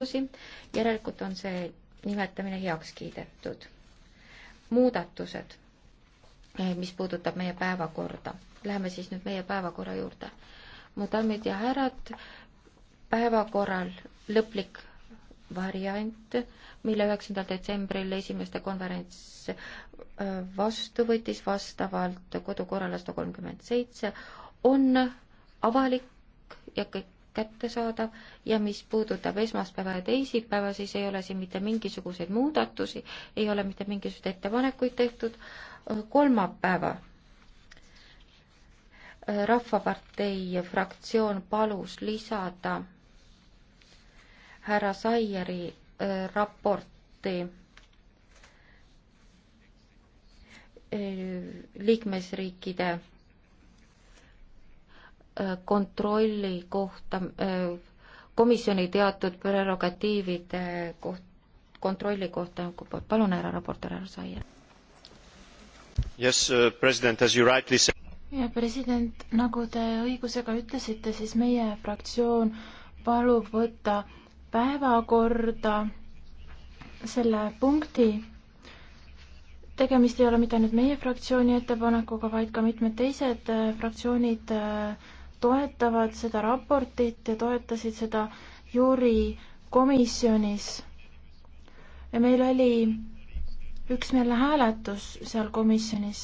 muudatusi, järelikult on see nimetamine heaks kiidetud. muudatused, eh, mis puudutab meie päevakorda. Läheme siis nüüd meie päevakorra juurde. mu daamid ja härrad, päevakorral lõplik variant, mille üheksandal detsembril esimeste konverents eh, vastu võttis vastavalt kodukorrale sada kolmkümmend seitse, on avalik ja kõik kättesaadav ja mis puudutab esmaspäeva ja teisipäeva, siis ei ole siin mitte mingisuguseid muudatusi, ei ole mitte mingisuguseid ettepanekuid tehtud. kolmapäeva Rahvapartei fraktsioon palus lisada härra Saieri äh, raporti äh, liikmesriikide Äh, kontrolli kohta, äh, komisjoni teatud prerogatiivide koht, kontrolli kohta, palun härra raportöör, härra Saia. Yes, uh, president, as you rightly said. ja president, nagu te õigusega ütlesite, siis meie fraktsioon palub võtta päevakorda selle punkti tegemist ei ole mitte ainult meie fraktsiooni ettepanekuga, vaid ka mitmed teised äh, fraktsioonid äh, toetavad seda raportit ja toetasid seda juuri komisjonis. ja meil oli üksmeelne hääletus seal komisjonis.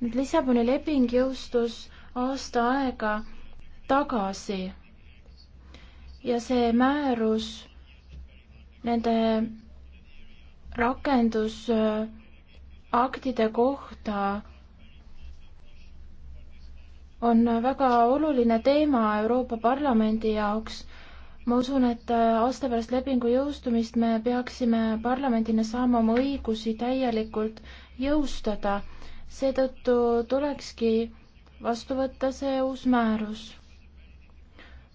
nüüd Lissaboni leping jõustus aasta aega tagasi ja see määrus nende rakendusaktide äh, kohta on väga oluline teema Euroopa Parlamendi jaoks. ma usun, et aasta pärast lepingu jõustumist me peaksime parlamendina saama oma õigusi täielikult jõustada. seetõttu tulekski vastu võtta see uus määrus.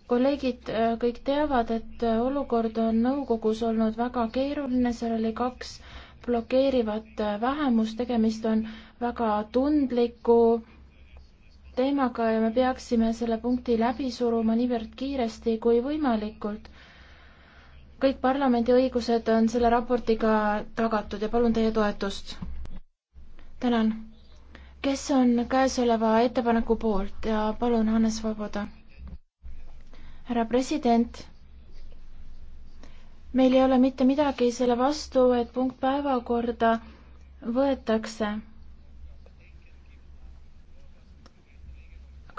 kolleegid äh, kõik teavad, et äh, olukord on nõukogus olnud väga keeruline, seal oli kaks blokeerivat äh, vähemust, tegemist on väga tundliku teemaga ja me peaksime selle punkti läbi suruma niivõrd kiiresti kui võimalikult. kõik parlamendi õigused on selle raportiga tagatud ja palun teie toetust. tänan. kes on käesoleva ettepaneku poolt ja palun, Hannes Vaboda. härra president meil ei ole mitte midagi selle vastu, et punkt päevakorda võetakse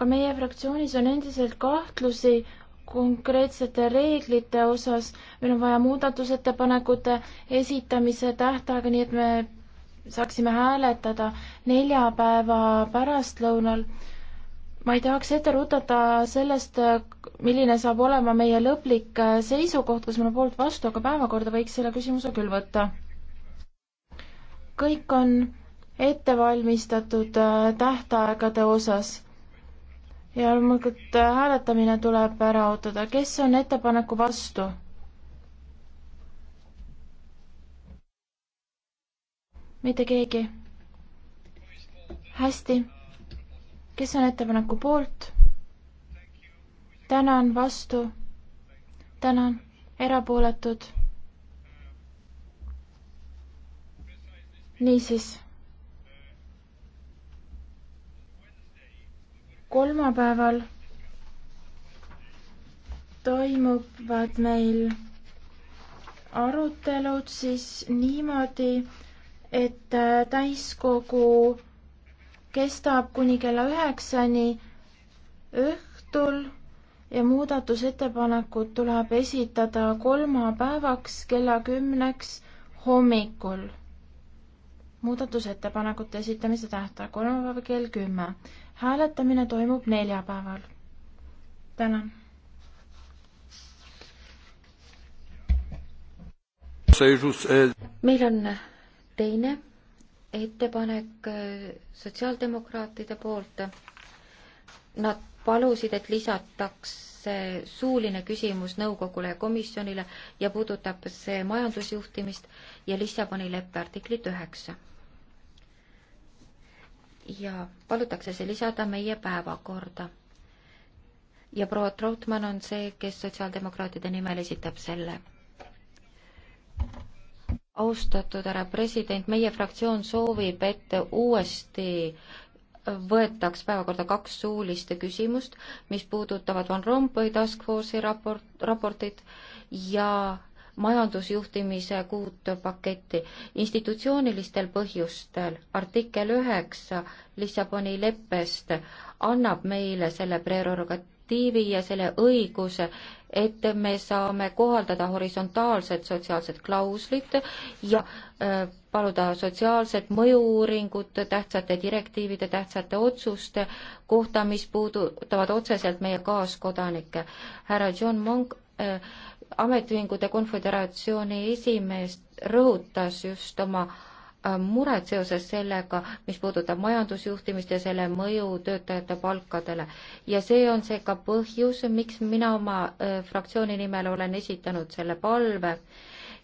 ka meie fraktsioonis on endiselt kahtlusi konkreetsete reeglite osas. meil on vaja muudatusettepanekute esitamise tähtaega, nii et me saaksime hääletada neljapäeva pärastlõunal. ma ei tahaks ette rutata sellest, milline saab olema meie lõplik seisukoht, kas me oleme poolt vastu, aga päevakorda võiks selle küsimuse küll võtta. kõik on ette valmistatud tähtaegade osas ja loomulikult äh, hääletamine tuleb ära ootada. kes on ettepaneku vastu? mitte keegi. hästi. kes on ettepaneku poolt? tänan, vastu. tänan, erapooletud. niisiis kolmapäeval toimuvad meil arutelud siis niimoodi, et äh, täiskogu kestab kuni kella üheksani õhtul ja muudatusettepanekud tuleb esitada kolmapäevaks kella kümneks hommikul. muudatusettepanekute esitamise tähtaeg kolmapäev kell kümme hääletamine toimub neljapäeval. tänan. Eh, meil on teine ettepanek eh, sotsiaaldemokraatide poolt. Nad palusid, et lisatakse suuline küsimus nõukogule ja komisjonile ja puudutab see majandusjuhtimist ja Lissaboni leppe artiklit üheksa ja palutakse see lisada meie päevakorda. ja proua Trautmann on see, kes sotsiaaldemokraatide nimel esitab selle. austatud härra president, meie fraktsioon soovib, et uuesti võetaks päevakorda kaks suulist küsimust, mis puudutavad Van Rompuy task force'i raport, raportit ja majandusjuhtimise kuut paketti institutsioonilistel põhjustel. artikkel üheksa Lissaboni leppest annab meile selle prerogatiivi ja selle õiguse, et me saame kohaldada horisontaalset sotsiaalset klauslit ja äh, paluda sotsiaalset mõju-uuringut tähtsate direktiivide, tähtsate otsuste kohta, mis puudutavad otseselt meie kaaskodanikke. härra John Monk äh, ametiühingute konföderatsiooni esimees rõhutas just oma äh, mured seoses sellega, mis puudutab majandusjuhtimist ja selle mõju töötajate palkadele. ja see on see ka põhjus, miks mina oma äh, fraktsiooni nimel olen esitanud selle palve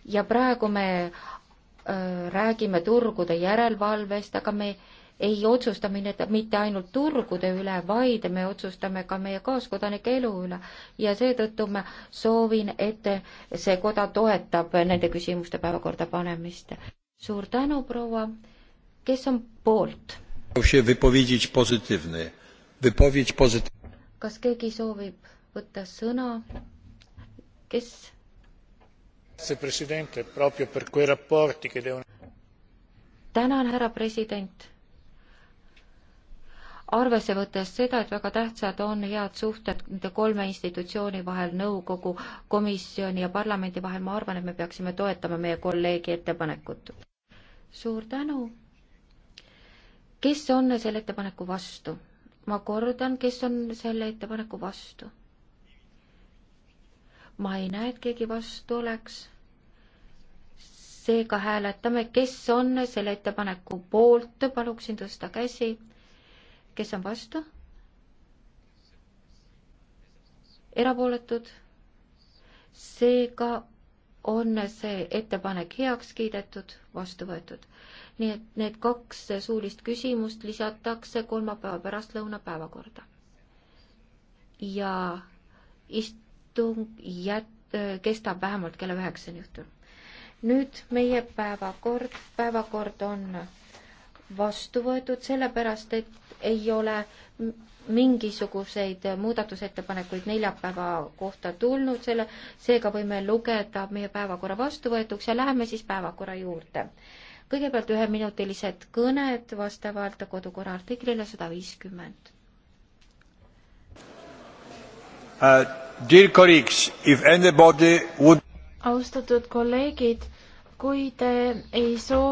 ja praegu me äh, räägime turgude järelevalvest, aga me ei otsusta mitte, mitte ainult turgude üle, vaid me otsustame ka meie kaaskodanike elu üle. ja seetõttu ma soovin, et see koda toetab nende küsimuste päevakorda panemist. suur tänu, proua. kes on poolt? kas keegi soovib võtta sõna? kes? tänan, härra president arvesse võttes seda, et väga tähtsad on head suhted nende kolme institutsiooni vahel, nõukogu, komisjoni ja parlamendi vahel, ma arvan, et me peaksime toetama meie kolleegi ettepanekut. suur tänu. kes on selle ettepaneku vastu? ma kordan, kes on selle ettepaneku vastu? ma ei näe, et keegi vastu oleks. seega hääletame, kes on selle ettepaneku poolt, paluksin tõsta käsi kes on vastu? erapooletud? seega on see ettepanek heaks kiidetud, vastu võetud. nii et need kaks suulist küsimust lisatakse kolmapäeva pärastlõuna päevakorda. ja istung jät-, kestab vähemalt kella üheksani õhtul. nüüd meie päevakord, päevakord on vastu võetud, sellepärast et ei ole mingisuguseid muudatusettepanekuid neljapäeva kohta tulnud, selle, seega võime lugeda meie päevakorra vastuvõetuks ja läheme siis päevakorra juurde. kõigepealt üheminutilised kõned vastavalt kodukorra artiklile sada viiskümmend. Uh, dear colleagues, if anybody would austatud kolleegid, kui te ei soovi